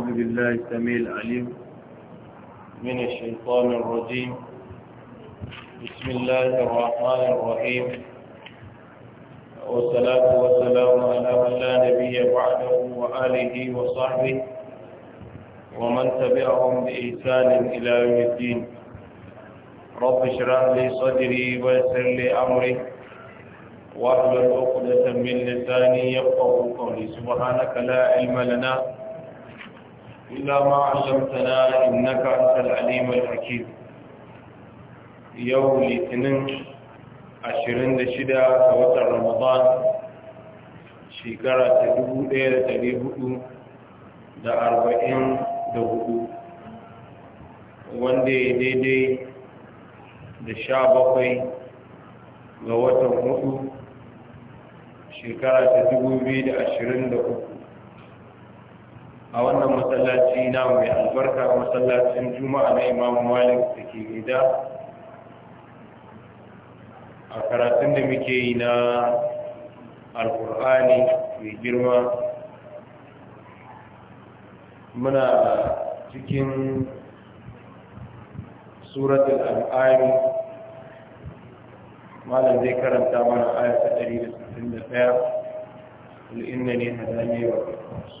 أعوذ بالله السميع العليم من الشيطان الرجيم بسم الله الرحمن الرحيم والصلاة والسلام على من لا نبي بعده وآله وصحبه ومن تبعهم بإحسان إلى يوم الدين رب اشرح لي صدري ويسر لي أمري واحلل عقدة من لساني يفقه قولي سبحانك لا علم لنا إلا ما علمتنا إنك أنت العليم الحكيم يوم الاثنين عشرين لشدة وتر رمضان شكرة تدبو إلى تدبو دا أربعين دبو wanda دي دي da sha bakwai ga watan hudu shekara ta dubu biyu a wannan masallaci na mai albarka masallacin juma'a na imam malik da ke gida a karatun da muke yi na alkur'ani mai girma muna cikin suratul al'ami malam zai karanta mana ayata 161 ul'inna ne zane wa kafasu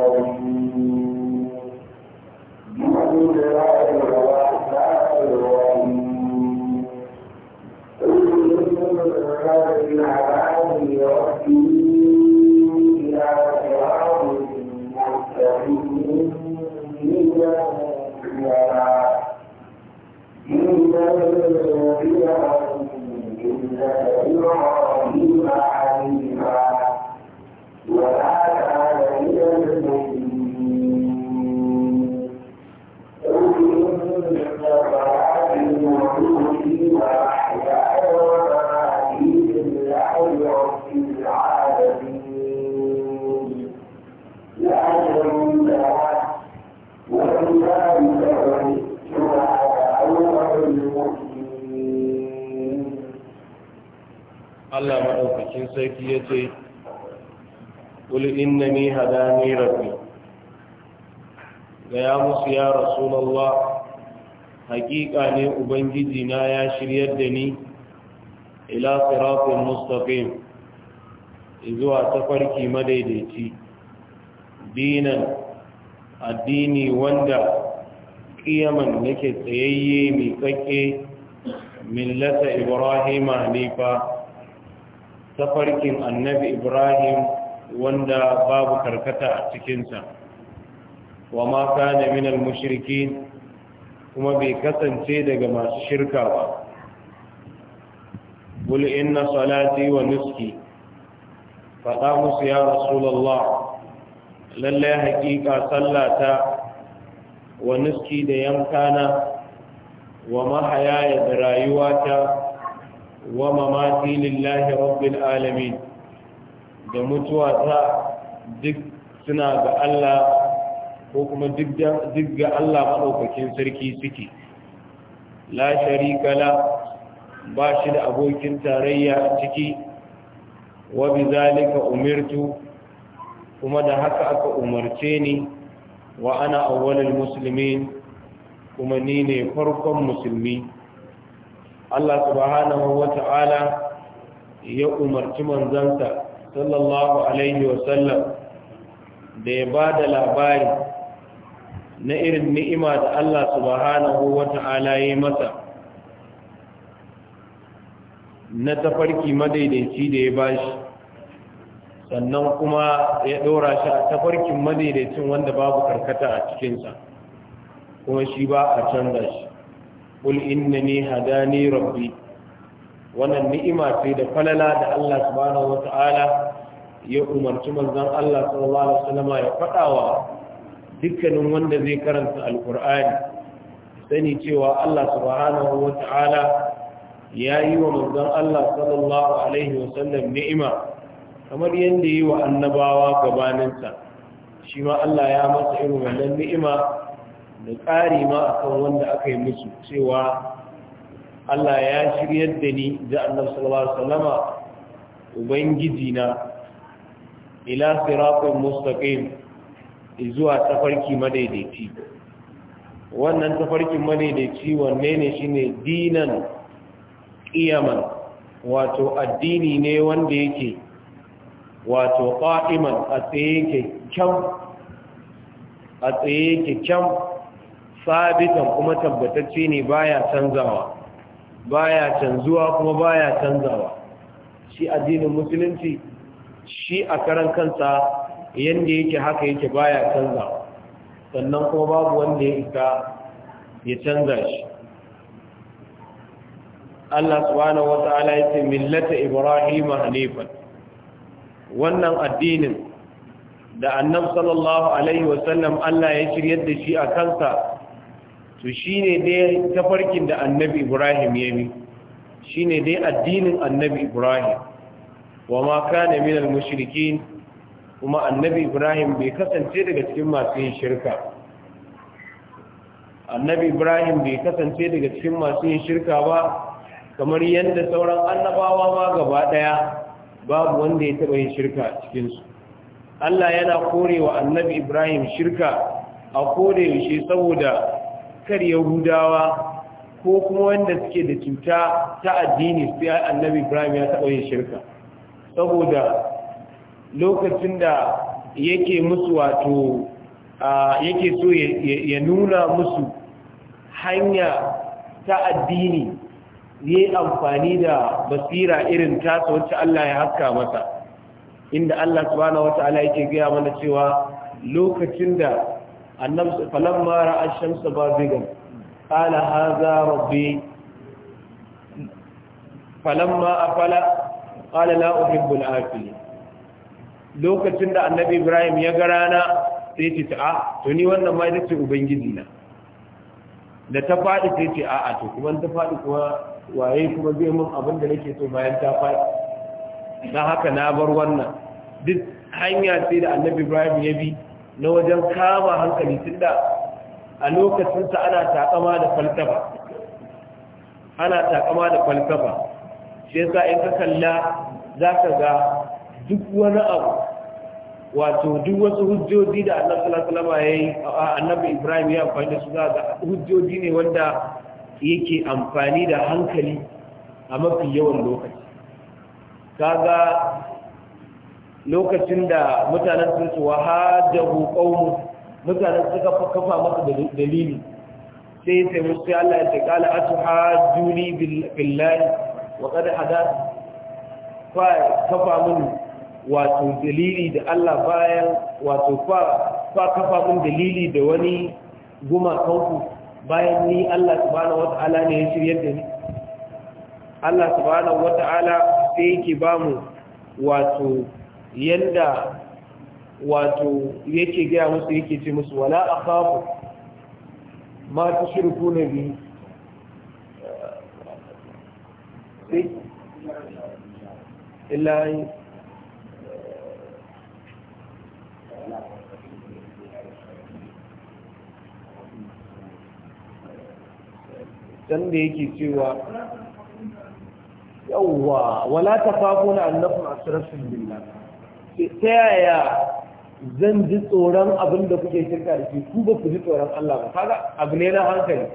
tafarki madaidaici dinan addini wanda ƙiyaman yake tsayayye mai tsakke millata ibrahim hanifa tafarkin annabi ibrahim wanda babu karkata a cikinsa wa ma kana minal mushrikin kuma bai kasance daga masu shirka ba قل إن wa nuski. faɗa musu ya rasulallah lallai haƙiƙa sallata wa niski da yankana wa mahayaya da rayuwata wa mamati lillahi rabbil alamin da mutuwata duk suna ga Allah ko kuma duk ga Allah maɗaukakin sarki suke la sharika la ba shi da abokin tarayya a ciki wa bi umirtu kuma da haka aka umarce ni wa ana awwalul muslimin kuma ni ne farkon musulmi Allah subhanahu wa ta'ala ya umarci manzansa sallallahu alaihi wa sallam da ya ba da labari na irin ni'ima da Allah subhanahu wa ta'ala ya masa na tafarki madaidaici da ya bashi sannan kuma ya ɗora shi a tafarkin madaidaicin wanda babu karkata a cikinsa kuma shi ba a canza shi ƙul innani hadani rabbi wannan ni'ima ce da falala da Allah subhanahu Ta'ala ya umarci manzon Allah sallallahu alaihi wasallam ya faɗawa dukkanin wanda zai karanta alqur'ani sani cewa Allah subhanahu Ta'ala. ya yi wa manzon Allah sallallahu alaihi wasallam ni'ima kamar yadda yi wa annabawa gabaninsa shi ma Allah ya masa irin wannan ni'ima da ƙari ma akan wanda aka yi musu cewa Allah ya shiryar da ni da annabi sallallahu ubangiji na ila siratul mustaqim zuwa tafarki madaidaici wannan tafarkin madaidaici wanne ne shine dinan ƙiyaman wato addini ne wanda yake wato qa'iman a tsaye kyakkyan a tsaye sabitan kuma tabbatacce ne baya canzawa baya canzuwa kuma baya canzawa shi addinin musulunci shi a karan kansa yadda yake haka yake baya canzawa sannan kuma babu wanda ya ya canza shi Allah subhanahu wata'ala ya ce millata Ibrahim hanifan wannan addinin da annab sallallahu alaihi wa sallam Allah ya shiryar da shi a kansa to shine dai tafarkin da annabi Ibrahim ya bi shine dai addinin annabi Ibrahim wa ma kana minal mushrikin kuma annabi Ibrahim bai kasance daga cikin masu yin shirka annabi Ibrahim bai kasance daga cikin masu yin shirka ba kamar yadda sauran annabawa ma gaba daya babu wanda ya taba yin shirka cikin cikinsu Allah yana korewa annabi Ibrahim shirka a kore yaushe saboda kar yahudawa ko kuma wanda suke da cuta ta addini sai annabi Ibrahim ya taba yin shirka saboda lokacin da yake musu wato yake so ya nuna musu hanya ta addini yi amfani da basira irin tasa wacce Allah ya haska masa inda Allah wata ala yake gaya mana cewa lokacin da annabi falamma ra'a qala hadha rabbi falamma afala qala la uhibbu al lokacin da annabi Ibrahim ya ga rana sai ce ta to ni wannan ma ita ubangiji na da ta faɗi sai ce a'a to kuma ta faɗi kuma waye kuma zai mun abin da nake so bayan ta faɗi dan haka na bar wannan duk hanya sai da annabi ibrahim ya bi na wajen kama hankali tun da a lokacinsa ana takama da falsafa ana takama da falsafa shi yasa in ka kalla za ka ga duk wani abu wato duk wasu hujjoji da annabi ibrahim ya amfani da su za ga hujjoji ne wanda yake amfani da hankali a mafi yawan lokaci kaga lokacin da mutanen sun su wahadahu qaumu mutanen suka kafa masa dalili sai ya sai musu Allah ya ce qala atuhajuni billahi wa qad hadath fa kafa mun wato dalili da Allah bayan wato fa kafa mun dalili da wani guma kanku bayan ni Allah subhanahu wata'ala ne ya shirya da ni Allah subhanahu wata'ala sai yake ba mu wato yanda wato yake gaya musu yake ce musu wala akhafu ma tushriku na bi illa dan da yake cewa yawwa wala tafafuna annakum asrafun billah ta yaya zan ji tsoron abin da kuke shirka da shi ku ba ku ji tsoron Allah ba kaga abu ne na hankali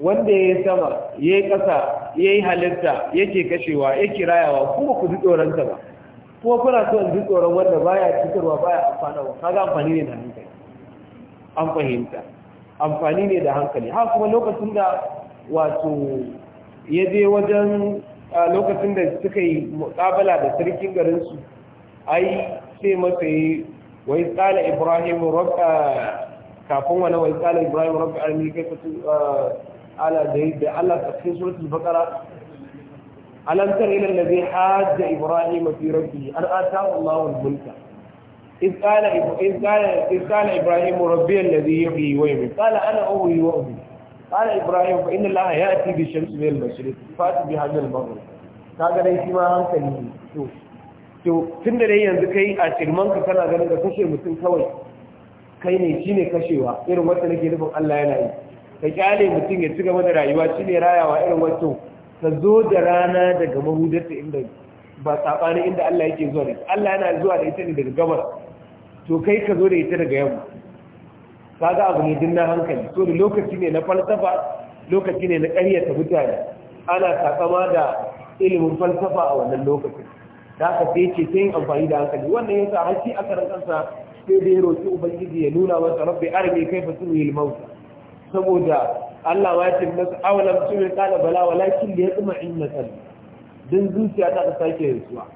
wanda yayi sama yayi kasa yayi halitta yake kashewa yake rayawa ku ba ku ji tsoron ta ba kuma kuna so in ji tsoron wanda baya cikarwa baya amfanawa kaga amfani ne da hankali an fahimta amfani ne da hankali ha kuma lokacin da wato ya je wajen lokacin da suka yi muƙabala da sarkin garinsu ai sai masa yi wai tsala ibrahim rabba kafin wani wai tsala ibrahim rabba armi kai ala da da Allah ta suratul baqara hajja ibrahim fi rabbi an atahu Allahu al-mulka إذ قال إذ قال إذ قال إبراهيم ربي الذي يحيي ويميت قال إبراهيم فإن الله يأتي بالشمس من المشرق فات بها من المغرب kaga dai shi ma hankali ne to to tun da dai yanzu kai a cirman ka kana ganin da kashe mutum kawai kai ne shi ne kashewa irin wacce nake nufin Allah yana yi ka kyale mutum ya ci gaba da rayuwa shi ne rayawa irin wacce ka zo da rana daga mahudarta inda ba saɓani inda Allah yake zuwa da Allah yana zuwa da ita ne daga gabas to kai ka zo da ita daga yamma kaga abu ne din na hankali to lokaci ne na falsafa lokaci ne na ƙaryata mutane ana takama da ilimin falsafa a wannan lokaci da aka sai ce sai amfani da hankali wannan yasa har shi aka kansa sai da ya roki ubangiji ya nuna masa rabbi arme kai fa sun yi mauta saboda Allah ma ya ce masa awalam sun yi kana bala walakin ya tsuma in na din zuciya ta sake rasuwa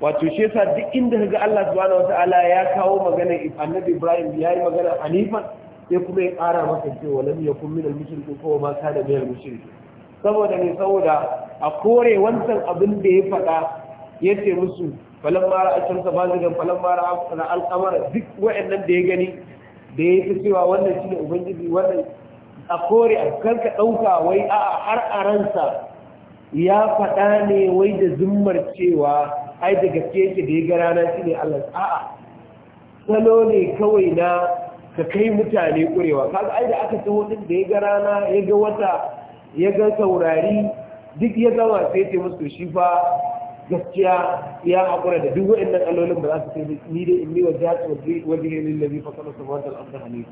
wato shi yasa duk inda kaga Allah subhanahu wataala ya kawo magana annabi Ibrahim ya yi magana Hanifa? sai kuma ya ƙara masa cewa lam yakun min al-mushrikin ko ma kana min al-mushrikin saboda ne saboda a kore wancan abin da ya faɗa ya ce musu falan mara a can saba zigan falan mara na alkamar duk wa'annan da ya gani da ya fi cewa wannan shi ne ubangiji wannan a kore a karka ɗauka wai a har a ransa ya faɗa ne wai da zummar cewa ai da gaske yake da ya ga rana shi ne Allah a'a salo ne kawai na ka kai mutane kurewa kaga ai da aka taho din da ya ga rana ya ga wata ya ga saurari duk ya zama sai ta musu shi fa gaskiya ya haƙura da duk wa'annan alolin ba za su sai ni da inni wa jihatu wa jihilin fa kana sabata al-ardh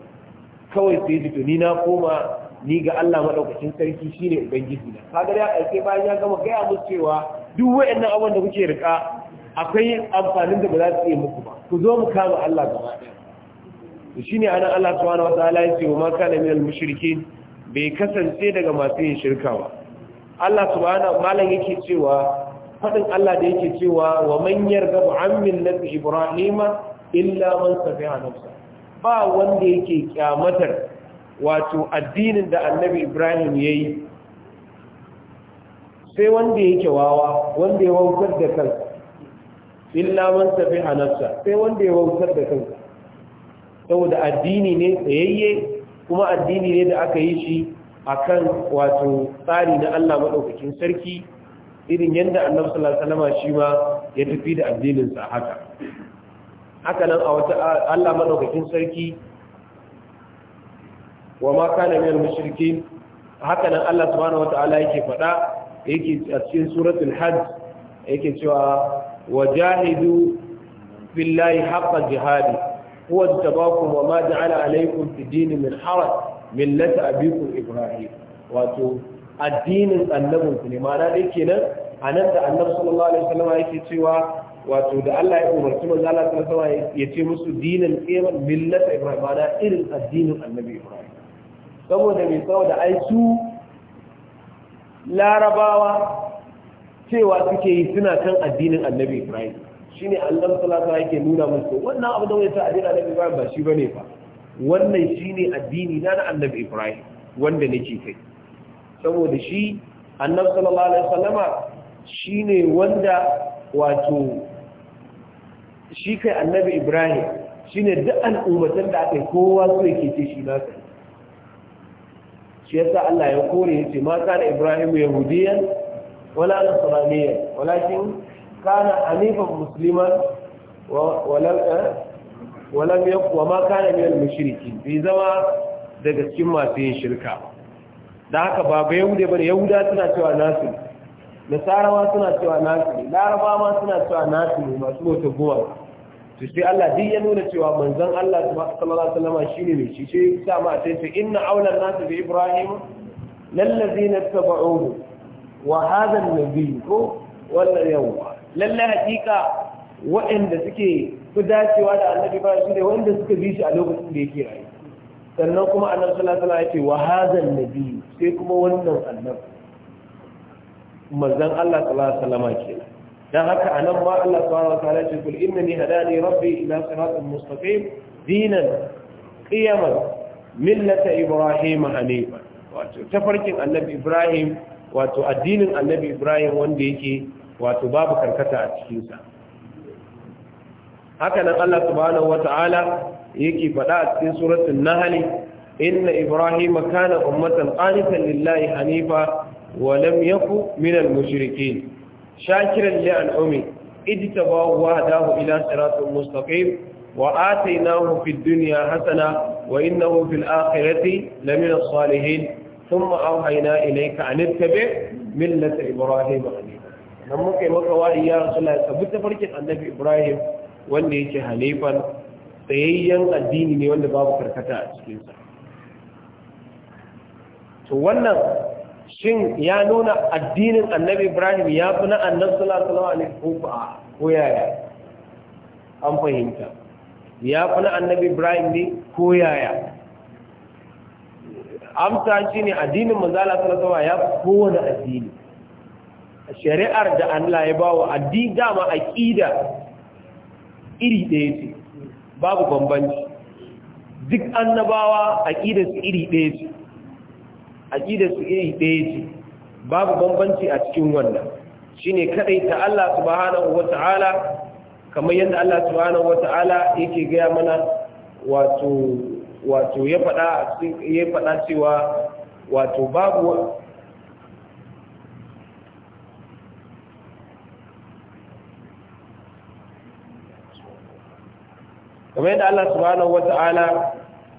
kawai sai dito ni na koma ni ga Allah madaukakin sarki shine ubangiji na kaga ya aike bayan ya gama gaya musu cewa duk wa'annan abin da kuke rika akwai amfanin da ba za su yi muku ba ku zo mu kama Allah gaba ɗaya shi ne anan Allah su subhanahu wata halayen ce wa ma kana minal mashirki bai kasance daga masu yin shirka ba Allah su subhanahu malam yake cewa fadin Allah da yake cewa wa manyar yarghabu an millati ibrahima illa man a nafsa ba wanda yake kyamatar wato addinin da annabi ibrahim ya yi. sai wanda yake wawa wanda ya wautar da kan illa man tafi nafsa sai wanda ya wautar da kan saboda addini ne tsayayye kuma addini ne da aka yi shi akan wato tsari na Allah madaukakin sarki irin yadda annabi sallallahu alaihi wasallam shi ma ya tafi da addinin sa haka haka nan a wata Allah madaukakin sarki wa ma kana al mushrikin haka nan Allah subhanahu wataala yake faɗa yake a cikin suratul hajj yake cewa wajahidu billahi haqqa jihadi huwa tabakum wa ma ja'ala alaykum fi dini min haraj millata abikum ibrahim wato addinin annabin ku ne ma'ana dai kenan anan da annabi sallallahu alaihi wasallam yake cewa wato da Allah ya umarci manzo Allah sallallahu alaihi wasallam ya ce musu dinin qiyam millata ibrahim ma'ana irin addinin annabi ibrahim saboda me saboda ai su larabawa cewa suke yi suna kan addinin annabi ibrahim shine allon salata yake nuna musu wannan abu da wata addinin annabi ibrahim ba shi ba ne ba. wannan shine addini na na annabi ibrahim wanda ke kai saboda shi annabi sallallahu alaihi wasallama shine wanda wato shi kai annabi ibrahim shine duk al'ummatan da aka yi kowa so yake ce shi nasa shi yasa Allah ya kore yace ma kana Ibrahim yahudiyan wala nasraniya walakin kana hanifan musliman walam eh, walam yakwa ma kana min al-mushrikin bi zama daga cikin masu yin shirka da haka ba ba yahude bane yahuda suna cewa nasu nasarawa suna cewa nasu larabawa suna cewa nasu masu wata guwa to sai Allah duk ya nuna cewa manzan Allah sallallahu alaihi shi ne mai shi sai sa ma sai ce inna awlan nas bi ibrahim lallazina tabauhu wa hadha na biyu ko wala yawa Lallai hakika waɗanda suke fi dacewa da annabi ba shi ne wanda suka bi shi a lokacin da ya ke rayu sannan kuma annabi sallallahu alaihi wasallam ya ce wa hadha na biyu sai kuma wannan annabi Manzan Allah sallallahu alaihi wasallam kenan dan haka anan ma Allah subhanahu wataala ya ce kul innani hadani rabbi ila siratin mustaqim dinan qiyaman millata ibrahim hanifa wato tafarkin annabi ibrahim wato addinin annabi ibrahim wanda yake wato babu karkata a cikinsa haka nan allah subhanahu wata'ala yake faɗa a cikin suratul nahli inna ibrahim kana ummatan qanitan lillahi hanifa wa lam yaku minal mushrikeen shakiran li idita idtabahu wa hadahu ila siratin mustaqim wa atainahu fid dunya hasana wa innahu fil akhirati lamina salihin thumma awhayna ilayka an ittabi millata ibrahim nan muka maka wahayi ya rasulullah sabu farkin annabi ibrahim wanda yake halifan tsayayyen addini ne wanda babu karkata a cikinsa to wannan shin ya nuna addinin annabi ibrahim ya fi na annabi sallallahu alaihi wasallam ko yaya an fahimta ya fi na annabi ibrahim ne ko yaya amsa shi ne addinin manzala sallallahu alaihi wasallam ya kowane addini shari'ar da Allah ya bawa addini dama aqida iri ɗaya ce babu bambanci duk annabawa aqidar su iri ɗaya ce aqidar su iri ɗaya ce babu bambanci a cikin wannan shine kadai ta Allah subhanahu wata'ala kamar yadda Allah subhanahu wata'ala yake gaya mana wato wato ya faɗa ya faɗa cewa wato babu kamar yadda Allah subhanahu wata'ala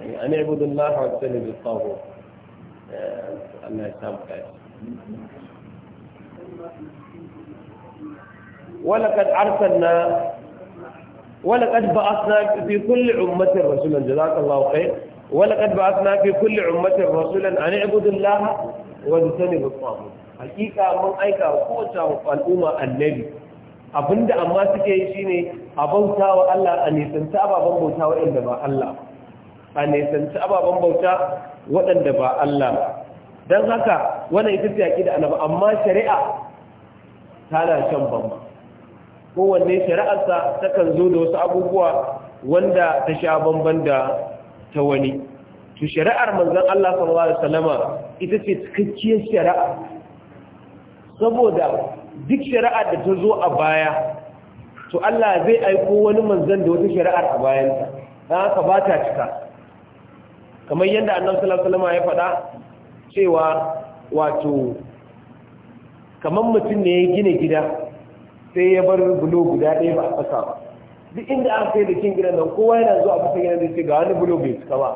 an yi budun laha wa tsali da tsawo Allah ya samu kashi ولقد أرسلنا ولقد بعثنا في كل أمة رسولا جزاك الله خير ولقد بعثنا في كل أمة رسولا أن اعبدوا الله واجتنبوا الطاغوت حقيقة من أيك قوة الأمة النبي abinda amma suke yi shine a bauta wa Allah a nisan ababen bauta wa inda ba Allah a nesanci ababen bauta waɗanda ba Allah ba don haka wannan ita ce aƙida annabi amma shari'a tana shan bamma kowanne shari'arsa takan zo da wasu abubuwa wanda ta sha bamban da ta wani to shari'ar manzon Allah sallallahu alaihi wasallama ita ce cikakkiyar shari'a saboda duk shari'ar da ta zo a baya to Allah zai aiko wani manzon da wata shari'ar a bayanta don haka ba ta cika kamar yadda annabi sallallahu ya faɗa cewa wato kamar mutum ne ya gina gida sai ya bar bulo guda ɗaya ba a ƙasa duk inda aka kai da kin gidan nan kowa yana zuwa a fasa gidan zai ce ga wani bulo bai cika ba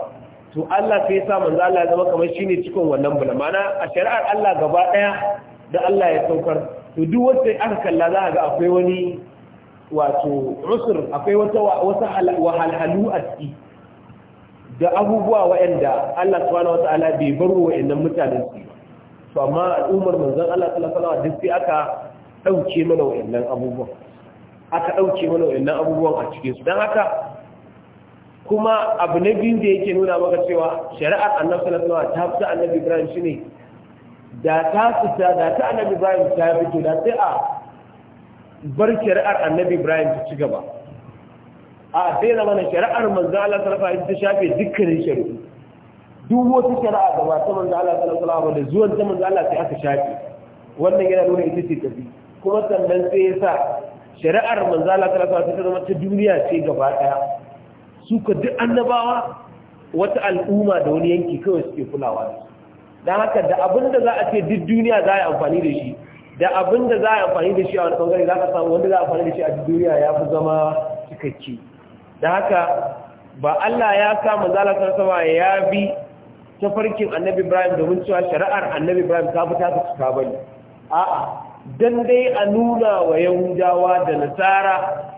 to Allah sai ya sa manzo Allah ya zama kamar shine cikin wannan bulo mana a shari'ar Allah gaba ɗaya da Allah ya saukar to duk wanda aka kalla za a ga akwai wani wato usur akwai wata wasu wahalhalu a ciki da abubuwa waɗanda Allah subhanahu wata'ala bai bar wa waɗannan mutanen su to amma al'ummar manzon Allah sallallahu alaihi wasallam duk sai aka dauke mana waɗannan abubuwan aka dauke mana waɗannan abubuwan a cikin su dan haka kuma abu na biyu da yake nuna maka cewa shari'ar annabi sallallahu alaihi wasallam ta fi annabi Ibrahim shine da ta fita da ta annabi Ibrahim ta fito da sai a bar shari'ar annabi Ibrahim ta ci gaba a sai na mana shari'ar manzo Allah sallallahu alaihi wasallam ta shafe dukkanin shari'u duk wata shari'a da ba ta manzo Allah sallallahu alaihi wasallam da zuwan ta manzo Allah sai aka shafe wannan yana nuna ita ce tafi kuma sannan sai ya sa shari'ar manzo Allah sallallahu alaihi wasallam ta duniya ce gaba daya su ka duk annabawa wata al'umma da wani yanki kawai suke kulawa da su haka da abin da za a ce duk duniya za a yi amfani da shi da abin da za a yi amfani da shi a wani bangare za ka samu wanda za a amfani da shi a duk duniya ya fi zama cikakke da haka ba Allah ya sa zalatar sama ya bi tafarkin annabi Ibrahim domin cewa shari'ar annabi Ibrahim ta fi ta cika bane a'a dan dai a nuna wa Yahudawa da Nasara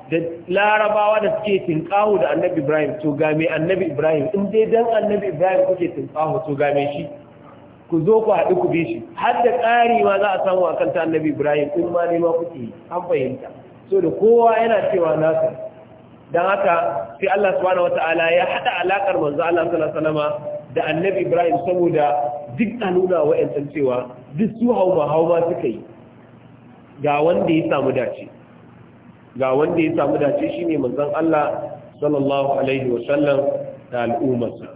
da Larabawa da suke tinkahu da annabi Ibrahim to game annabi Ibrahim in dai don annabi Ibrahim kuke tinkahu to ga shi ku zo ku haɗu ku bi shi har da ƙari ma za a samu a kanta annabi Ibrahim in ma nema ma kuke an fahimta so da kowa yana cewa nasa don haka sai Allah subhanahu wata'ala ya haɗa alakar manzo Allah sallallahu alaihi da annabi Ibrahim saboda duk a nuna wa ƴan cewa duk su hauma hauma suka yi ga wanda ya samu dace ga wanda ya samu dace shine manzon Allah sallallahu alaihi wasallam da al'ummarsa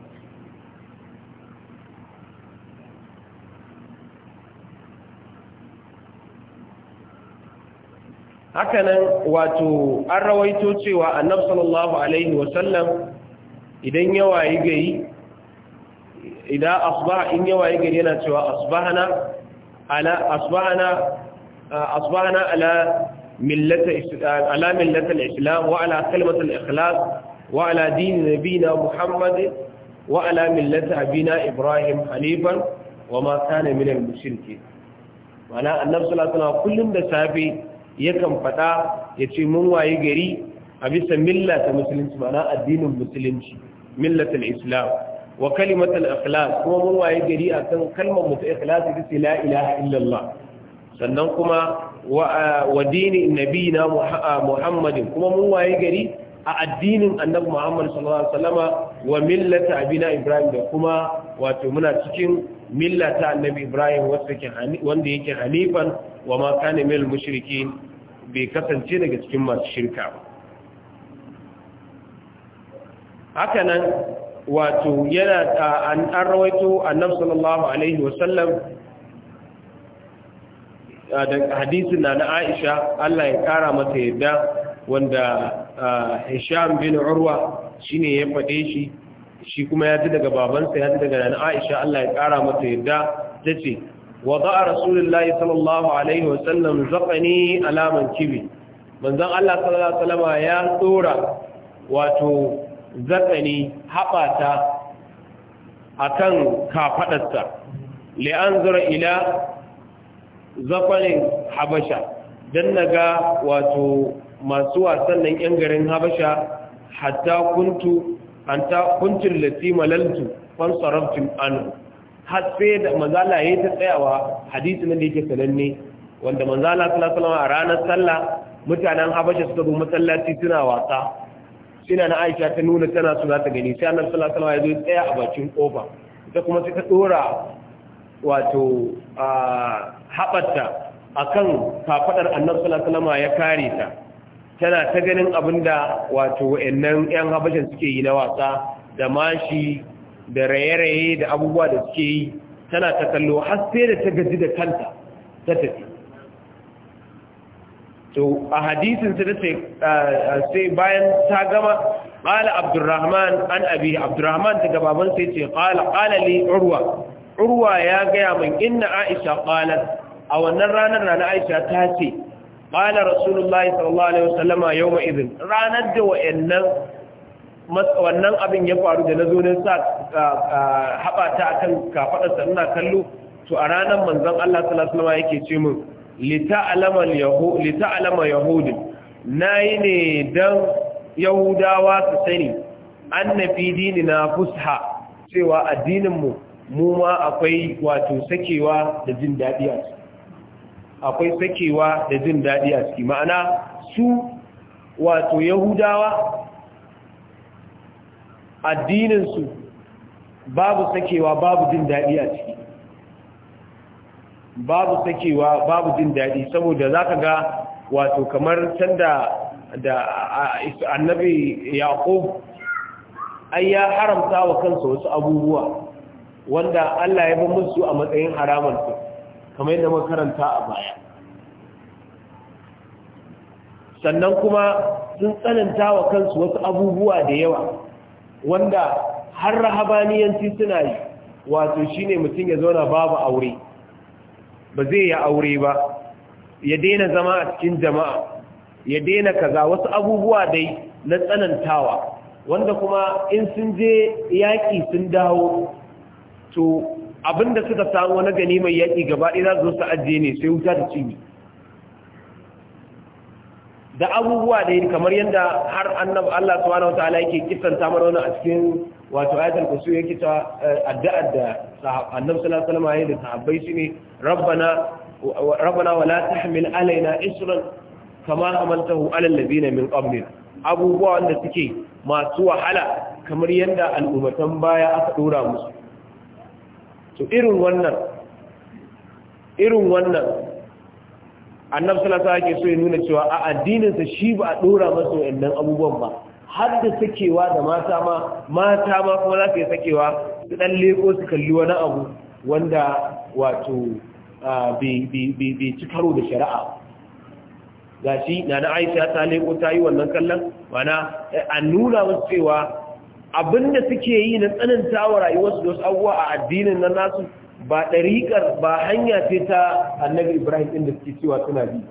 hakanan wato an rawaito cewa annab sallallahu alaihi wasallam idan yawa yi gari idan asbaha in yawa yi gari yana cewa asbahana ala asbahana asbahana ala millata ala millata al-islam wa ala kalimatu al-ikhlas wa ala din nabina muhammad wa ala millata abina ibrahim halifan wa ma kana min al-mushrikeen ma'ana annab sallallahu alaihi wasallam kullum da safi yakan faɗa ya ce mun waye gari a bisa millata musulunci mana addinin musulunci millatul islam wa kalimatul ikhlas kuma mun waye gari akan kalmar mutu ikhlas ce la ilaha illallah sannan kuma wa dini nabiyina muhammadin kuma mun waye gari a addinin annabi Muhammad sallallahu alaihi wasallama wa millata abina Ibrahim da kuma wato muna cikin millata annabi Ibrahim wanda yake hanifan wa ma kana minal mushrikin bai kasance daga cikin masu shirka ba haka nan wato yana an rawaito annabi sallallahu alaihi wasallam da hadisin na na Aisha Allah ya kara mata yadda wanda Hisham bin Urwa shine ya fade shi shi kuma ya ji daga babansa ya ji daga na Aisha Allah ya kara mata yadda ce. وضع رسول الله صلى الله عليه وسلم زقني على منكبي manzon Allah sallallahu alaihi wasallam ya tsora wato zakani haɓata akan kafaɗarsa li anzura ila zaqalin habasha dan naga wato masu wasan nan yan garin habasha hatta kuntu anta kuntul lati malaltu fan sarabtum har sai da manzala ya yi ta tsayawa hadisi na da yake sananne wanda manzala sallallahu alaihi a ranar sallah mutanen habasha suka zo masallaci suna wasa suna na aisha ta nuna tana suna ta gani sai annabi sallallahu alaihi wasallam ya zo tsaya a bakin kofa ita kuma suka ta dora wato a kan akan kafadar annabi sallallahu alaihi ya kare ta tana ta ganin abinda wato wayannan yan habashin suke yi na wasa da mashi da raye-raye da abubuwa da suke yi tana ta kallo har sai da ta gaji da kanta ta tafi to a hadisin sai sai bayan ta gama qala abdurrahman an abi abdurrahman daga baban sai ce qala qala urwa urwa ya gaya min inna aisha ƙalar. a wannan ranar na aisha ta ce qala rasulullahi sallallahu alaihi wasallama yawma idhin ranar da wayannan wannan abin ya faru da na zo sa haɓa ta a kan kafaɗarsa ina kallo to a ranar Manzon Allah salama yake ce min lita'alama yahudin na yi ne don yahudawa su sani an na dini na fusha cewa addininmu mu ma akwai wato sakewa da jin daɗi a ciki akwai sakewa da jin daɗi a ciki ma'ana su wato yahudawa addininsu babu sakewa babu jin daɗi a ciki babu sakewa babu jin daɗi saboda za ka ga wato kamar tanda da annabi ya haramta wa kansa wasu abubuwa wanda Allah ya bin musu a matsayin haramansu kamar yadda makaranta a baya sannan kuma sun tsananta wa kansu wasu abubuwa da yawa wanda har rahabaniyanci suna yi wato shi ne mutum ya zauna babu aure ba zai yi aure ba ya daina zama a cikin jama'a ya daina kaza wasu abubuwa dai na tsanantawa wanda kuma in sun je yaƙi sun dawo to abinda suka samu na gani mai yaƙi gaba ɗaya za su ajiye ne sai wuta ta cinye da abubuwa da yi kamar yadda har annabi Allah subhanahu wataala yake kissanta mana wannan a cikin wato ayatul kursi yake ta eh, addu'ar da annabi sallallahu alaihi wasallam yayin da sahabbai shine rabbana rabbana wala tahmil alaina isran kama hamaltahu alal ladina min qablina abubuwa wanda suke masu wahala kamar yadda al'ummatan baya aka dora musu to irin wannan irin wannan annabi sallallahu alaihi wasallam so ya nuna cewa a addininsa shi ba a dora masa wayannan abubuwan ba har da sakewa da mata ma mata ma kuma za su yi sakewa su dan leko su kalli wani abu wanda wato bai ci karo da shari'a ga shi na na aisha ta leko ta yi wannan kallon mana eh, a nuna wasu cewa abinda suke yi na tsananta wa rayuwarsu da wasu abubuwa a addinin nan nasu ba ɗariƙar ba hanya ce ta annabi ibrahim inda suke cewa suna bi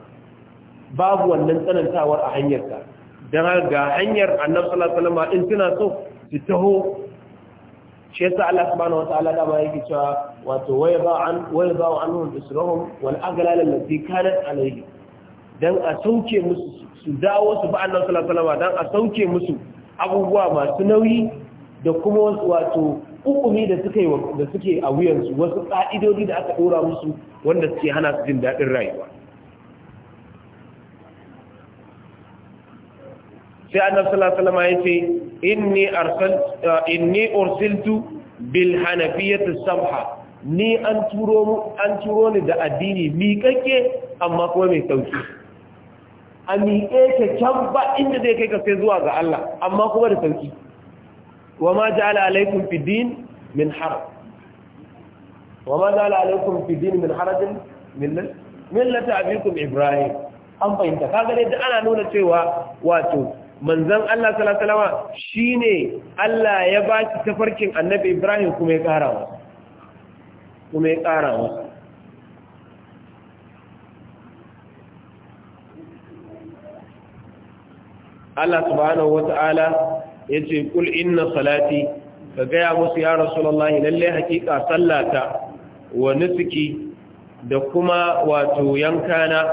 babu wannan tsanantawar a hanyarta don ga hanyar annabi sallallahu alaihi suna so su taho shi yasa Allah subhanahu wataala da ma yake cewa wato waya ba an waya ba wani hun israhum wal aghlal allati kanat alayhi dan a sauke musu su dawo su ba annabi sallallahu alaihi wasallam dan a sauke musu abubuwa masu nauyi da kuma wato hukumi da suke da suke a wuyansu wasu ƙa'idodi da aka ɗora musu wanda suke hana su jin daɗin rayuwa sai annabi sallallahu alaihi wasallam yace inni arsal eh, inni ursiltu bil samha ni an turo ni da addini miƙaƙe amma kuma mai sauki a miƙe can ba inda zai kai ka sai zuwa ga Allah amma kuma da sauki wa ma ja'ala alaikum fi din min haraj wa ma ja'ala alaikum fi din min harajin millata abikum ibrahim an fahimta kaga ne da ana nuna cewa wato manzon Allah sallallahu alaihi wasallam shine Allah ya ba shi tafarkin annabi ibrahim kuma ya kara masa kuma ya kara masa Allah subhanahu wata'ala ya ce kul inna salati ka gaya musu ya rasulallahi lallai hakika sallata wa nusuki da kuma wato yankana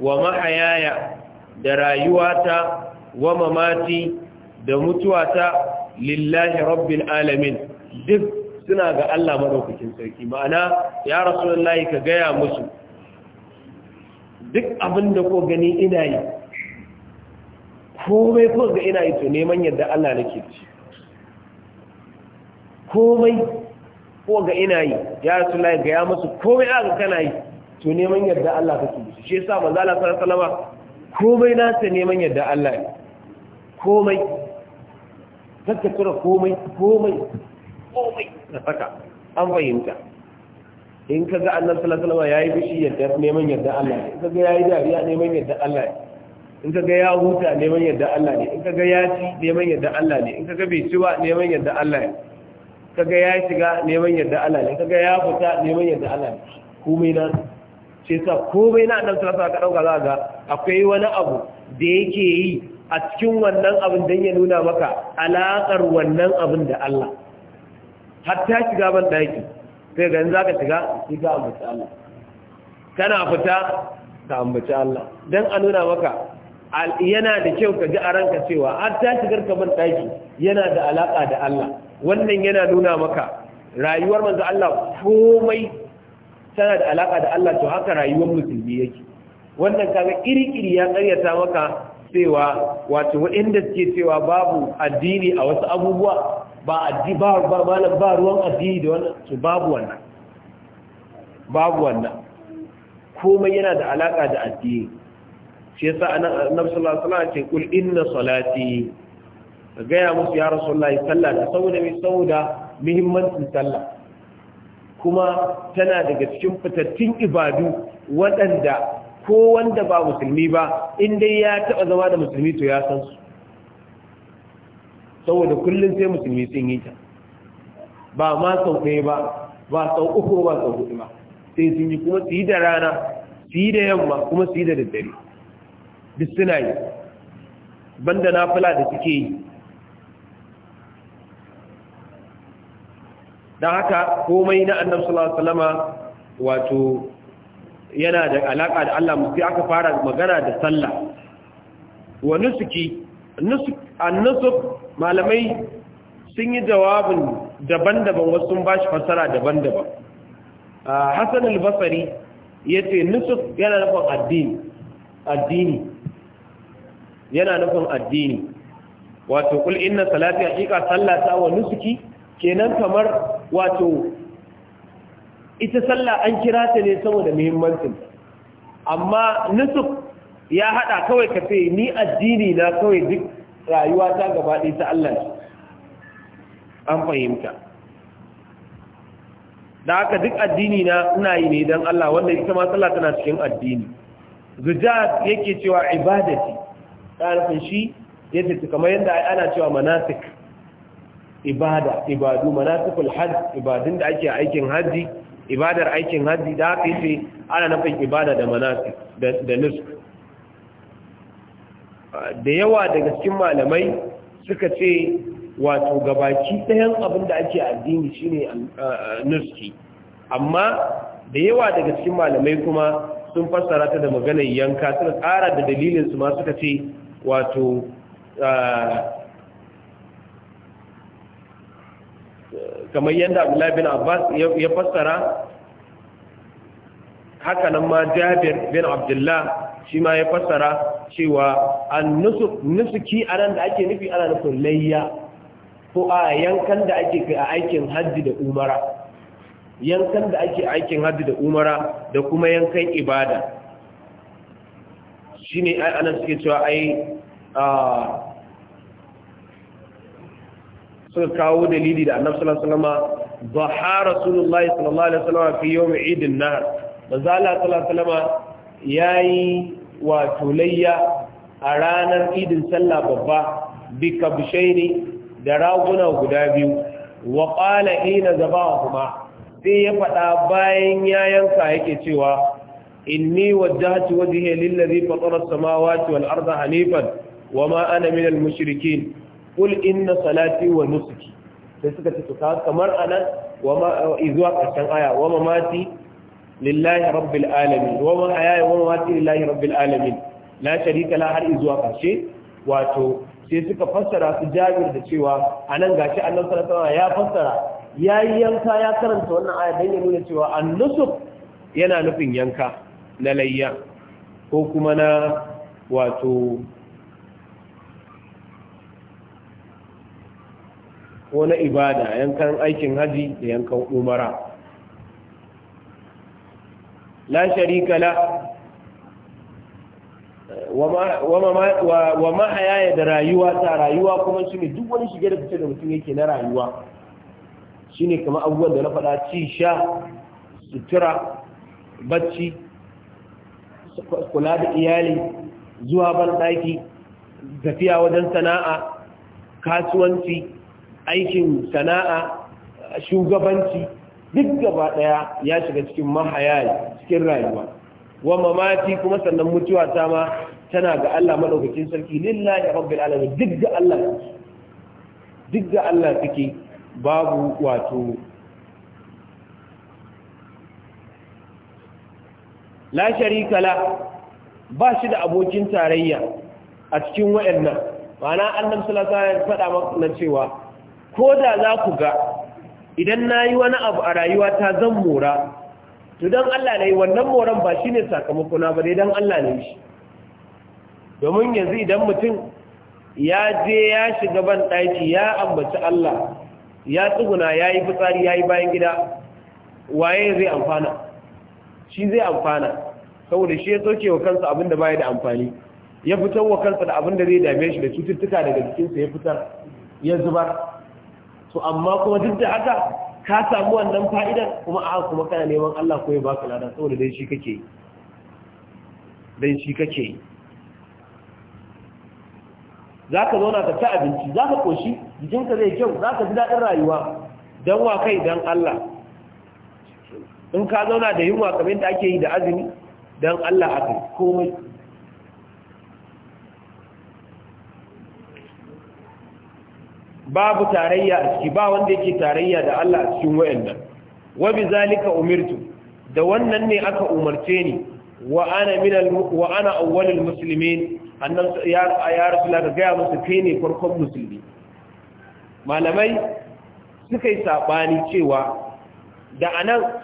wa mahayaya da rayuwata wa mamati da mutuwata lillahi rabbil alamin duk suna ga Allah madaukakin sarki ma'ana ya rasulullahi ka gaya musu duk abin da ko gani ina yi komai ko ga ina yi to neman yadda Allah nake da shi komai ko ga ina yi ya rasu lai ga ya musu komai aka kana yi to neman yadda Allah kake da shi shi yasa manzo Allah sallallahu alaihi wasallam komai na sa neman yadda Allah ne komai zaka tura komai komai komai na saka an fahimta in kaga annabi sallallahu alaihi wasallam yayi bishi yadda neman yadda Allah ne kaga yayi dariya neman yadda Allah ne in kaga ya huta neman yadda Allah ne in kaga ya ci neman yadda Allah ne in kaga bai ci ba neman yadda Allah ne kaga ya shiga neman yadda Allah ne kaga ya fita neman yadda Allah ne komai na ce sa komai na annabi sallallahu alaihi wasallam ka dauka ga akwai wani abu da yake yi a cikin wannan abin dan ya nuna maka alaƙar wannan abin da Allah hatta shiga ban daki sai ga za ka shiga Sai ka ambaci Allah kana fita ka ambaci Allah dan a nuna maka yana da kyau ka ji a ranka cewa an ta shigar ka ban ɗaki yana da alaƙa da Allah wannan yana nuna maka rayuwar manzo Allah komai tana da alaƙa da Allah to haka rayuwar musulmi yake wannan kaga iri-iri ya karyata maka cewa wato waɗanda suke cewa babu addini a wasu abubuwa ba addini ba malam ba ruwan addini da wannan to babu wannan babu wannan komai yana da alaƙa da addini shi yasa annabi sallallahu alaihi wasallam ce kul inna salati gaya musu ya rasulullahi sallah wasallam saboda mai saboda muhimmancin sallah kuma tana daga cikin fitattun ibadu waɗanda ko wanda ba musulmi ba in dai ya taɓa zama da musulmi to ya san su saboda kullum sai musulmi sun yi ta ba ma sau ɗaya ba ba sau uku ba sau hudu ba sai sun yi kuma su yi da rana su yi da yamma kuma su yi da daddare duk suna yi banda fula da suke yi don haka komai na annabi sallallahu alaihi wasallama wato yana da alaka da Allah musu aka fara magana da sallah wa nusuki nusuk annusuk malamai sun yi jawabin daban-daban wasu sun bashi fasara daban-daban ah, Hassan al-Basri yace nusuk yana nufin addini addini yana nufin addini wato kul inna salati haqiqa ta wa nusuki kenan kamar wato ita sallah an kira ta ne saboda muhimmancin amma nusuk ya hada kawai kafe ni addini na kawai duk rayuwa ta gaba ɗaya ta Allah an fahimta da haka duk addini na ina yi ne don Allah wanda ita ma sallah tana cikin addini zujjat yake cewa ibadati tarihin shi ya ta kamar yadda ana cewa manasik ibada ibadu manasikul hajji ibadun da ake aikin hajji ibadar aikin hajji da haka yi ana nufin ibada da manasik da nusk da yawa daga cikin malamai suka ce wato gabaki ɗayan abin da ake addini shine eh, eh, nuski amma da yawa daga cikin malamai kuma sun fassara ta da maganar yanka suka ƙara da dalilinsu ma suka ce wato kamar yadda abdullahi bin abbas ya fassara haka ma jabir bin abdullah shi ma ya fassara cewa an nusuki a nan da ake nufi ana nufin layya ko a yankan da ake kai a aikin hajji da umara yankan da ake aikin hajji da umara da kuma yankan ibada shine ai anan suke cewa ai suka kawo dalili da annabta sallallahu alaihi wasallam dhaha rasulullahi sallallahu alaihi wasallam fi yawm eid an na manzo Allah sallallahu alaihi wasallam yayi wato layya a ranar idin sallah babba bi kabshaini da raguna guda biyu wa qala hina zabahu kuma sai ya faɗa bayan ya yanka yake cewa inni wajjahtu wajhiya lillazi fatara as-samawati wal arda hanifan wama ana minal mushrikin qul inna salati wa nusuki sai suka ce to kamar anan wama izuwa karshen aya wama mati lillahi rabbil alamin wama hayaya wama mati lillahi rabbil alamin wato sai suka fassara su jabir da cewa anan gashi Allah sallallahu ya fassara yayi yanka ya karanta wannan aya don ya nuna cewa annusuk yana nufin yanka na layya ko kuma na wato ko na ibada yankan aikin haji da yankan umara la sharika la wa mahaya da rayuwa ta rayuwa kuma shi ne duk wani shige da fice da mutum yake na rayuwa shi ne kama abubuwan da na faɗa ci sha sutura bacci kula da iyali zuwa banɗaki tafiya wajen sana'a kasuwanci aikin sana'a shugabanci duk gaba daya ya shiga cikin mahayayi, cikin rayuwa wa mamati kuma sannan mutuwa ta ma tana ga Allah madaukakin sarki lillahi rabbil alamin duk ga Allah duk ga Allah take babu wato la sharika la ba shi da abokin tarayya a cikin wayannan ma'ana annabi sallallahu alaihi wasallam faɗa nan cewa ko da za ku ga idan nayi wani abu a rayuwa ta zan mora to dan Allah ne wannan moran ba shine sakamako na ba dai dan Allah ne shi domin yanzu idan mutum ya je ya shiga ban daki ya ambaci Allah ya tsuguna yayi fitsari yayi bayan gida waye zai amfana shi zai amfana saboda shi ya tsoke wa kansa abin da baya da amfani ya fitar wa kansa da abin da zai dame shi da cututtuka daga jikinsa ya fitar ya zubar to amma kuma duk da haka ka samu wannan fa'idar kuma a kuma kana neman Allah ko ya baka lada saboda dai shi kake dan shi kake zaka zauna ka ta abinci zaka koshi jikinka zai kyau Za ka ji dadin rayuwa dan wa kai dan Allah in ka zauna da yunwa kamar da ake yi da azumi don Allah a komai babu tarayya a ciki ba wanda yake tarayya da Allah a cikin wayannan wa bi zalika umirtu da wannan ne aka umarce ni wa ana min wa ana awwalul muslimin annan ya ya rasula ga musu kai ne farkon musulmi malamai suka yi sabani cewa da anan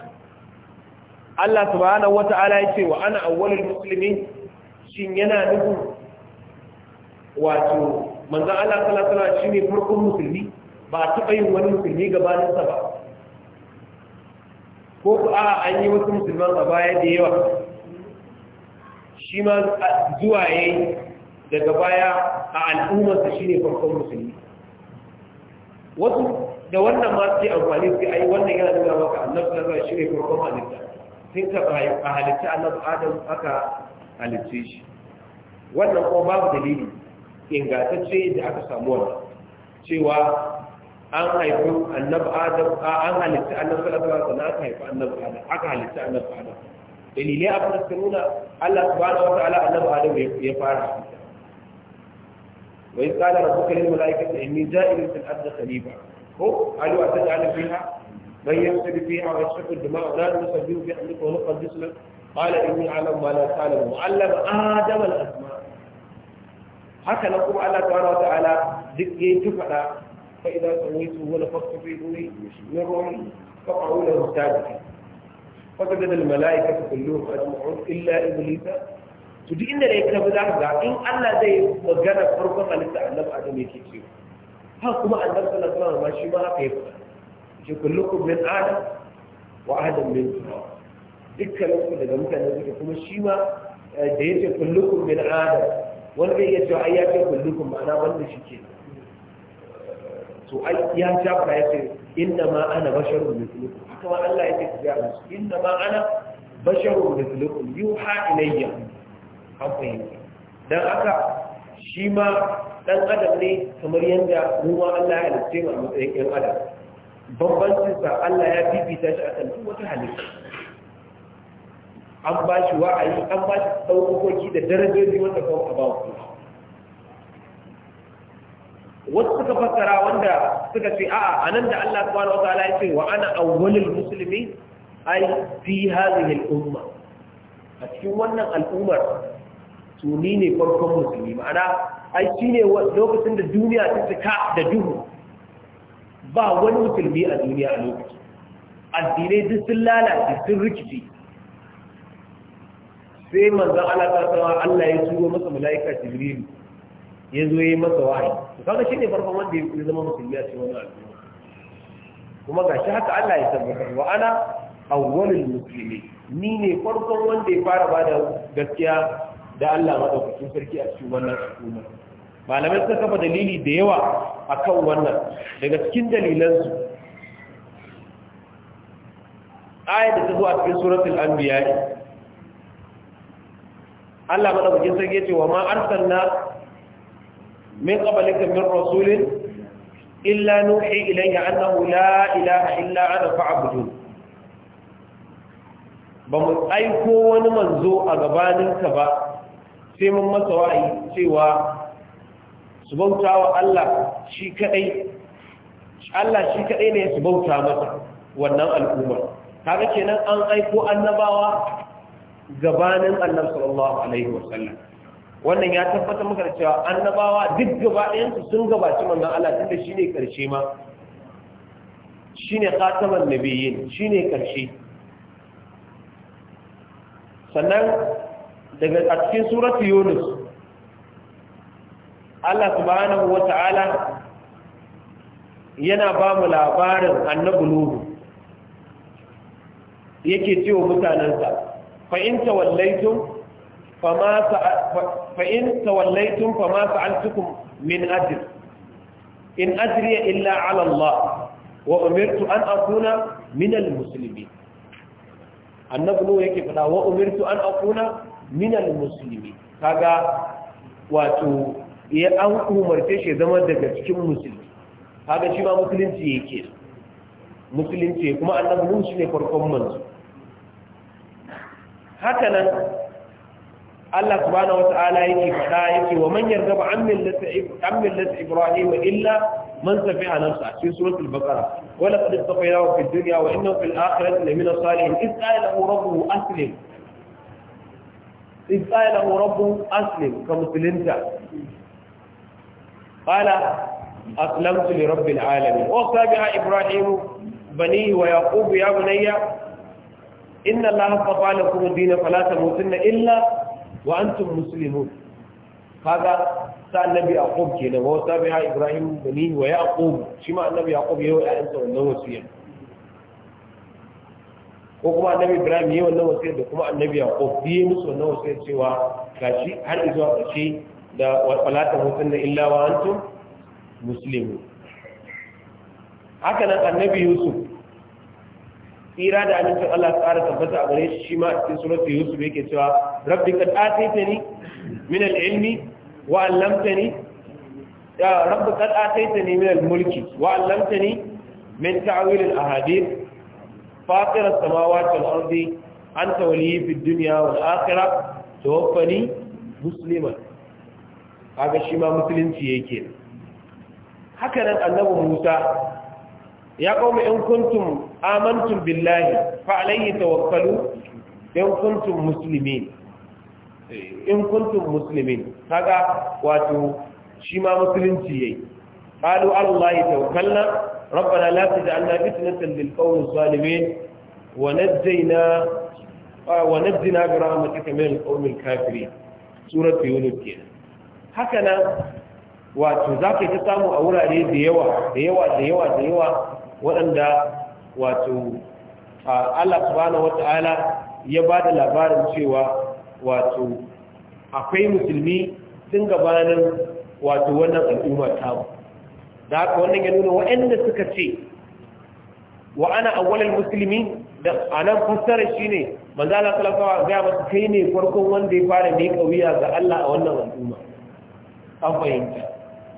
Allah subhanahu wata'ala ya ce wa ana awwalul muslimin shin yana nufin wato manzon Allah sallallahu alaihi wasallam shine farkon musulmi ba taɓa yin wani musulmi gabanin sa ba ko ku a an yi wasu musulman a baya da yawa shi ma zuwa yayi daga baya a al'ummarsa shine farkon musulmi wasu da wannan ma suke amfani su yi wannan yana nuna maka annabi sallallahu alaihi wasallam shine farkon halitta sai ka a halitta annabi adam aka halitta shi wannan kuma babu dalili ingantacce da aka samu wannan cewa an haifi annabu adam an halitta annabu sallallahu alaihi wasallam aka haifi annabu adam aka halitta annabu adam dalilai a da nuna Allah subhanahu wa ta'ala annabu adam ya fara halitta wa in qala rabbuka lil malaikati inni ja'ilun fil ardi khalifa ko alu ataj'alu fiha من يبتد فيها ويسفك الدماء لا نسجل في حلقه ونقى الجسم قال إني اعلم ما لا تعلم معلم آدم الأسماء حتى نقوم على تعالى وتعالى ذكي جفلا فإذا سويته ونفقت في دوري من روحي فقعوا له سادك فسجد الملائكة كلهم أجمعون إلا إبليس تجي إن ليك نبدا هذا إن ألا زي مجرد فرقة لتعلم أدم يكيكيو هاكما أنبسنا الله ما شما كيف shi kullukum min adam wa adam min turab dukkanin ku daga mutane suke kuma shi ma eh, da yace kullukum min adam wanda zai iya cewa ai ya ce kullukum ma'ana wanda shi ke to ai ya shafa ya ce inna ma ana basharun mithlukum haka ma Allah ya ce ku ga musu inna ma ana basharun mithlukum yuha ilayya an fahimta dan haka shi ma dan adam ne kamar yanda ruwa Allah ya halitta mu a matsayin ɗan adam bambancin sa Allah ya bibita shi akan duk wata halitta an ba shi wa'ayi an ba shi ɗaukokoki da darajoji wanda kawai a ba wa wasu suka fassara wanda suka ce a'a a nan da Allah subhanahu wataala ya ce wa ana awwalul muslimin ai fi hadhihi al umma a cikin wannan al'ummar to ne farkon musulmi ma'ana ai ne lokacin da duniya ta cika da duhu ba wani musulmi a duniya a lokaci addinai duk sun lalace sun rikici sai manzan alaƙa sama Allah ya turo masa mala'ika jibrilu ya zo ya yi masa wahayi to kaga shine farkon wanda ya zama musulmi a cikin wani al'umma kuma ga shi haka Allah ya tabbatar wa ana awwalul muslimi ni ne farkon wanda ya fara bada gaskiya da Allah madaukakin sarki a cikin wannan al'umma malamai suka kafa dalili da yawa kan wannan daga cikin dalilansu ayat da ta zo a cikin suratul anbiya Allah madaukakin sarki ya ce wa ma arsalna min qablika min rasulin illa nuhi ilayhi annahu la ilaha illa ana fa'budun ba mu aiko wani manzo a gabaninka ba sai mun masa wa'ayi cewa su bauta wa Allah shi kadai Allah shi kadai ne su bauta masa wannan al'umma kaga kenan an aiko annabawa gabanin annabi sallallahu alaihi wasallam wannan ya tabbatar maka da cewa annabawa duk gaba sun gabaci manzon Allah tunda shine ƙarshe ma Shi ne shine khataman Shi ne ƙarshe. sannan daga cikin suratu yunus Allah subhanahu wata'ala yana ba mu labarin annabi nuhu yake cewa mutanansa fa in fama fa in tawallaytum min ajr in ajriya illa al'allah, Allah wa umirtu an akuna minal musulmi, annabu annabi nuhu yake fada wa umirtu an akuna minal musulmi, muslimin kaga wato ya an umarce shi zama daga cikin musulmi haka shi ma musulunci yake musulunci kuma annabi nuhu shine farkon manzo haka nan Allah subhanahu wata'ala yake faɗa yake wa man yarda ba an millata Ibrahim illa man safiha nafsa a cikin suratul baqara wa laqad istafaynahu fid dunya wa innahu fil akhirati lamina salihin id qala lahu rabbuhu aslim id qala lahu rabbuhu aslim ka musulunta qala aslamtu li rabbil alamin wa sabiha ibrahim bani wa yaqub ya bunayya inna allaha qafa lakum ad-din fala illa wa antum muslimun kaga sa annabi kenan wa sabiha ibrahim bani wa yaqub shi ma annabi yaqub yayi ayyansa wannan wasiyar ko kuma annabi ibrahim yi wannan wasiyar da kuma annabi yaqub yi wannan wasiyar cewa gashi har da wala tamutunna illa wa antum muslimun haka nan annabi yusuf tsira da amincin Allah tsara tabbata a gare shi shi ma a cikin suratul yusuf yake cewa rabbi qad ataytani min al'ilmi, ilmi wa 'allamtani ya rabbi qad ataytani min al'mulki, mulki wa 'allamtani min ta'wil al-ahadith fatir as-samawati wal-ardi anta waliyyi fid dunya wal-akhirah tawaffani musliman kaga shi ma musulunci yake haka nan annabi Musa ya qaumi in kuntum amantum billahi fa alayhi tawakkalu in kuntum muslimin eh, in kuntum muslimin kaga wato shi ma musulunci yayi qalu allahi tawakkalna rabbana la taj'alna fitnatan lil qawmi zalimin wa wa najjina bi rahmatika min al kenan haka nan wato za ka ta samu a wurare da yawa da yawa da yawa da yawa waɗanda wato Allah subhanahu wata'ala ya ba da labarin cewa wato akwai musulmi sun gabanin wato wannan al'umma tamu da haka wannan ya nuna waɗanda suka ce wa ana awwalal musulmi da anan fassara shine manzo Allah sallallahu alaihi wasallam ya masa kai ne farkon wanda ya fara ne kauya ga Allah a wannan al'umma afayinta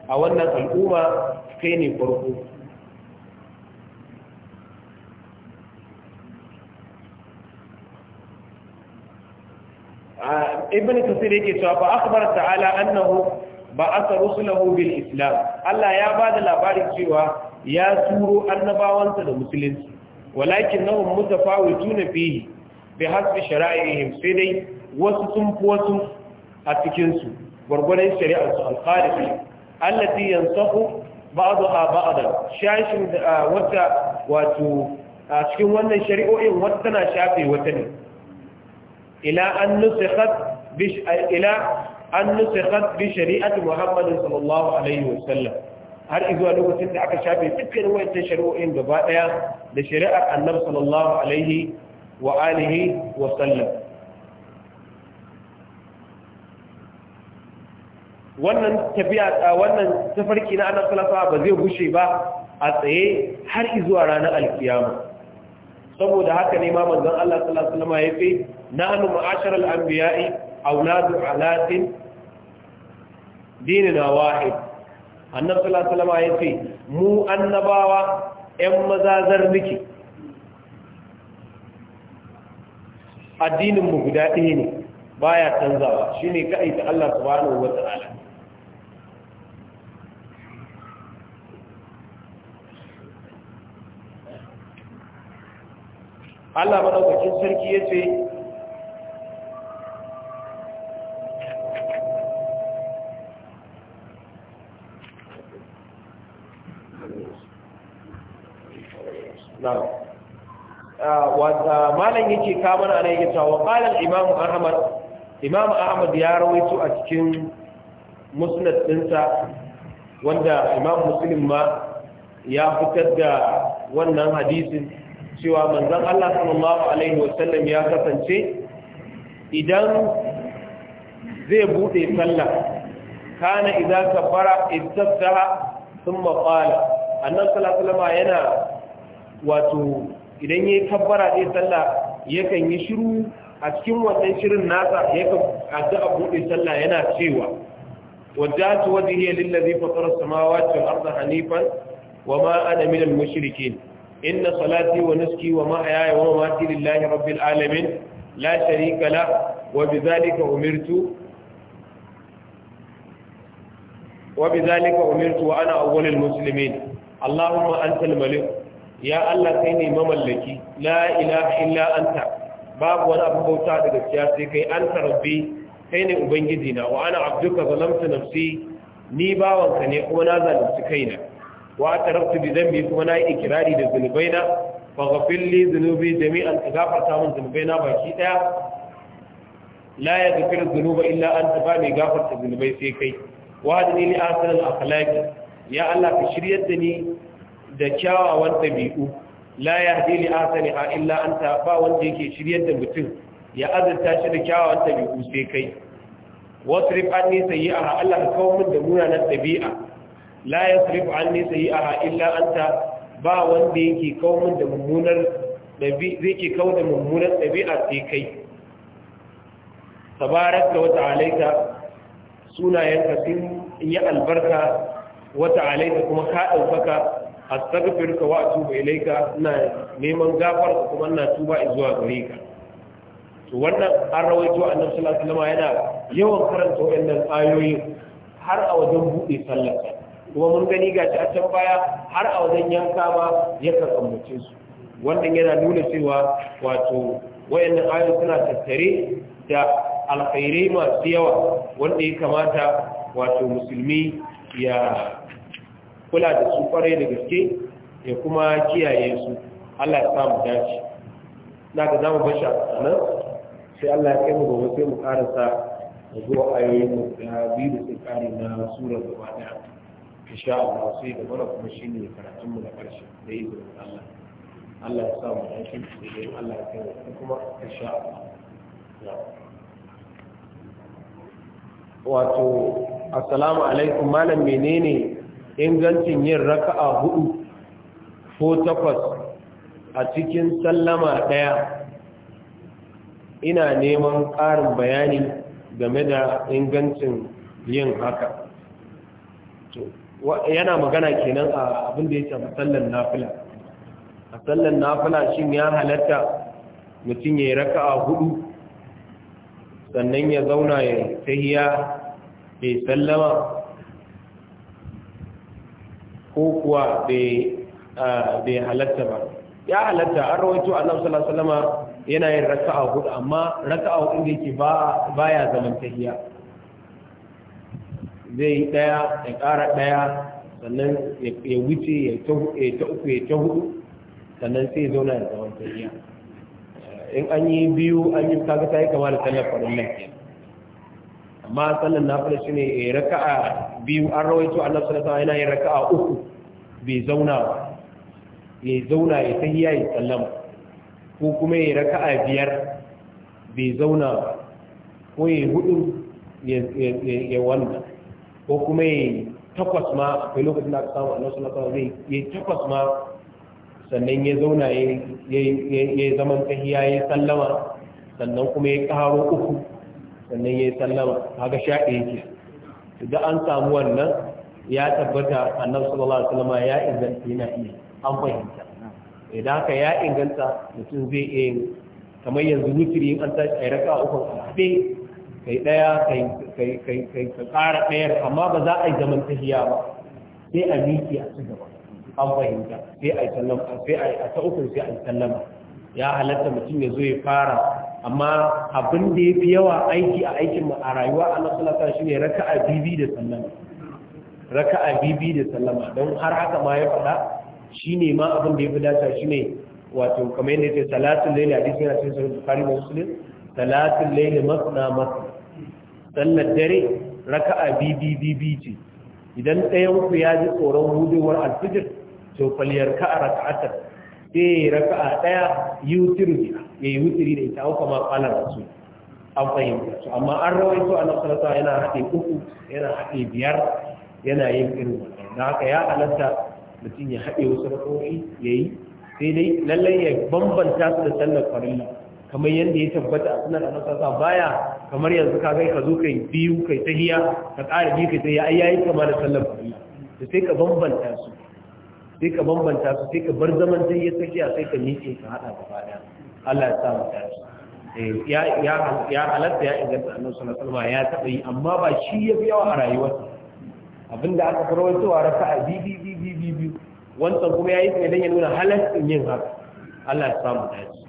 a wannan al'umma kai ne farko ibn kasir yake cewa ba akhbara ta'ala annahu ba'atha rusulahu bil islam Allah ya ba da labarin cewa ya turo annabawansa da musulunci walakin nahum mutafawituna fihi bi hasbi shara'ihim sai dai wasu sun fi wasu a cikinsu. gwargwadon shari'ar su alkhalifi allati yansahu ba'daha ba'dan shashin uh, wata wato a cikin wannan shari'o'in wata tana shafe wata ne ila an nusikhat bi ila an nusikhat bi shari'ati muhammadin sallallahu alaihi wasallam har izuwa lokacin da aka shafe dukkan wayannan shari'o'in gaba daya da shari'ar Annabi sallallahu alaihi wa alihi wa sallam wannan tafiya a wannan tafarki na annabi sallallahu ba zai gushe ba a tsaye har izuwa ranar alkiyama saboda haka ne ma manzon Allah sallallahu alaihi wasallam ya ce nahnu ma'ashar al-anbiya'i auladu alatin dinina wahid annabi sallallahu alaihi wasallam ya ce mu annabawa ƴan mazazar miki addinin mu guda ɗaya ne baya canzawa shine kai ta Allah subhanahu wa ta'ala Allah madaukakin sarki ya ce. Ah, wata malam yake kamar ana ta wa ƙalar imam ahmad imam ahmad ya rawaitu a cikin musnad ɗinsa wanda imam muslim ma ya fitar da wannan hadisin cewa manzan Allah sallallahu alaihi wasallam ya kasance idan zai bude sallah kana idza kabbara istaftaha sun qala annabi sallallahu alaihi wasallam yana wato idan ya yi kabbara dai sallah yakan yi shiru a cikin wannan shirin nasa yakan addu'a bude sallah yana cewa wajjatu wajhiya lillazi fatara as-samawati wal arda hanifan wa ana minal mushrikeen inna salati wa nuski wa mahayaya wa mamati lillahi alamin la sharika wa bidhalika umirtu wa bidhalika umirtu wa ana awwalul ya allah kai ne mamallaki la ilaha illa anta babu wani abu bauta da gaskiya kai anta rabbi kai ne ubangiji na wa ana abduka zalamtu ni bawanka ne kuma na zalunci kaina wa tarabtu bi dhanbi kuma na yi ikirari da zunubaina fa ghafir li dhunubi jami'an ka gafarta min zunubaina baki daya la yaghfiru dhunuba illa anta ba mai gafarta zunubai sai kai wa hadini li ahsan al akhlaqi ya Allah ka shiryar da ni da kyawawan dabi'u la yahdi li ahsaniha illa anta ba wanda yake shiryar da mutum ya azurta shi da kyawawan dabi'u sai kai wasu yi sayyi'a Allah ka kawo min da na dabi'a la yasrifu anni sayi'aha illa anta ba wanda yake kaumin da mummunar zai ke kawo da mummunar ɗabi'a sai kai tabaraka wa ta'alaita sunayenka sun yi albarka wata ta'alaita kuma ka daukaka astaghfiruka a atubu ilaika ina neman gafarka kuma ina tuba zuwa gare ka to wannan an rawaito a sallallahu yana yawan karanta waɗannan ayoyi har a wajen buɗe sallar kuma mun gani ga a can baya har a wajen yanka ba ya kakammace su wannan yana nuna cewa wato wayannan ayoyi suna tattare da alkhairai masu yawa wanda ya kamata wato musulmi ya kula da su kwarai da gaske ya kuma kiyaye su Allah ya samu dace na ga zamu bashi a nan sai Allah ya kai mu gobe sai mu karasa zuwa ayoyin da biyu da sai kare na sura gaba daya insha Allah sai da mana kuma shine ne karatunmu da ƙarshe da yi zuwa Allah Allah ya sa mu dace da Allah ya kai mu kuma insha Allah wato assalamu alaikum malam menene ingancin yin raka'a hudu ko takwas a cikin sallama daya ina neman ƙarin bayani game da ingancin yin haka yana magana kenan a abin da ya shafi sallar nafila a sallan nafila shin ya halatta mutum ya yi raka'a hudu sannan ya zauna ya tahiya ya sallama ko kuwa bai halatta ba ya halatta an rawaito a sallallahu alaihi yana yin raka'a hudu amma raka'a hudu da yake ba ya zaman tahiya zai yi ɗaya ya ƙara ɗaya sannan ya wuce ya ta uku ya ta hudu sannan sai zauna da tsawon tariya eh, in an yi biyu an yi kaga ta yi kama da sallar farin nan ke amma sallar na fara shi ne ya raka a biyu an rawaito Allah sallallahu alaihi yana yin a uku bai zauna ba ya zauna ya ta tahiya ya sallama ko kuma ya raka a biyar bai zauna ba ko ya hudu ya wanda ko kuma ya takwas ma akwai lokacin da aka samu annabi sallallahu alaihi ya yi takwas ma sannan ya zauna ya zaman tahiya ya yi sallama sannan kuma ya karo uku sannan ya yi sallama kaga sha ɗaya ke da an samu wannan ya tabbata annabi sallallahu alaihi wasallam ya inganta yana iya an fahimta idan haka ya inganta mutum zai iya kamar yanzu wutiri in an tashi a raka uku a haɗe kai ɗaya kai kai ka ƙara ɗayar amma ba za a yi zaman tahiya ba sai a miki a ci gaba an fahimta sai a yi sallama sai a yi a ta sai a yi sallama ya halatta mutum ya zo ya fara amma abin da ya fi yawa aiki a aikin mu a rayuwa a sallallahu shi ne raka'a bibi da sallama raka'a bibi da sallama don har haka ma ya faɗa Shi ne ma abin da ya fi dace shine wato kamar yadda ya ce salatul layl hadisi yana cikin sahih bukhari da muslim salatul layl masna masna Sannan dare raka'a bibi ce idan ɗayan ku ya ji tsoron hudowar alfijir to ka a raka'atar sai raka'a ɗaya yi wutiri ne ya yi wutiri da ita auka maƙalar su an fahimta su amma an rawaito a nasarata yana haɗe uku yana haɗe biyar yana yin irin wannan da haka ya halatta mutum ya haɗe wasu rakowi ya yi sai dai lallai ya bambanta su da sallar farilla kamar yadda ya tabbata a sunan annabi sallallahu baya kamar yanzu ka kai ka zo kai biyu kai tahiya ka ƙara biyu kai tahiya ai yayi kama da sallar farilla to sai ka bambanta su sai ka bambanta su sai ka bar zaman tahiya tahiya sai ka miƙe ka hada gaba daya Allah ya sa mu tashi eh, ya ya ya halatta ya inganta annabi sallallahu alaihi ya taɓa yi amma ba shi ya fi yawa a rayuwarsa abinda aka farwaitowa raka'a bibi bibi bibi wancan kuma yayi sai dan ya nuna halaccin yin haka Allah ya samu dace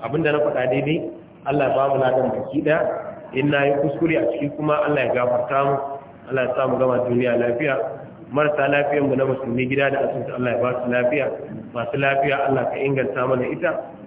da na faɗa daidai Allah ya mu ladan baki da in na yi kuskure a ciki kuma Allah ya gafarta mu Allah ya sa mu gama duniya lafiya marasa lafiyan mu na musulmi gida da asibiti Allah ya ba su lafiya masu lafiya Allah ka inganta mana ita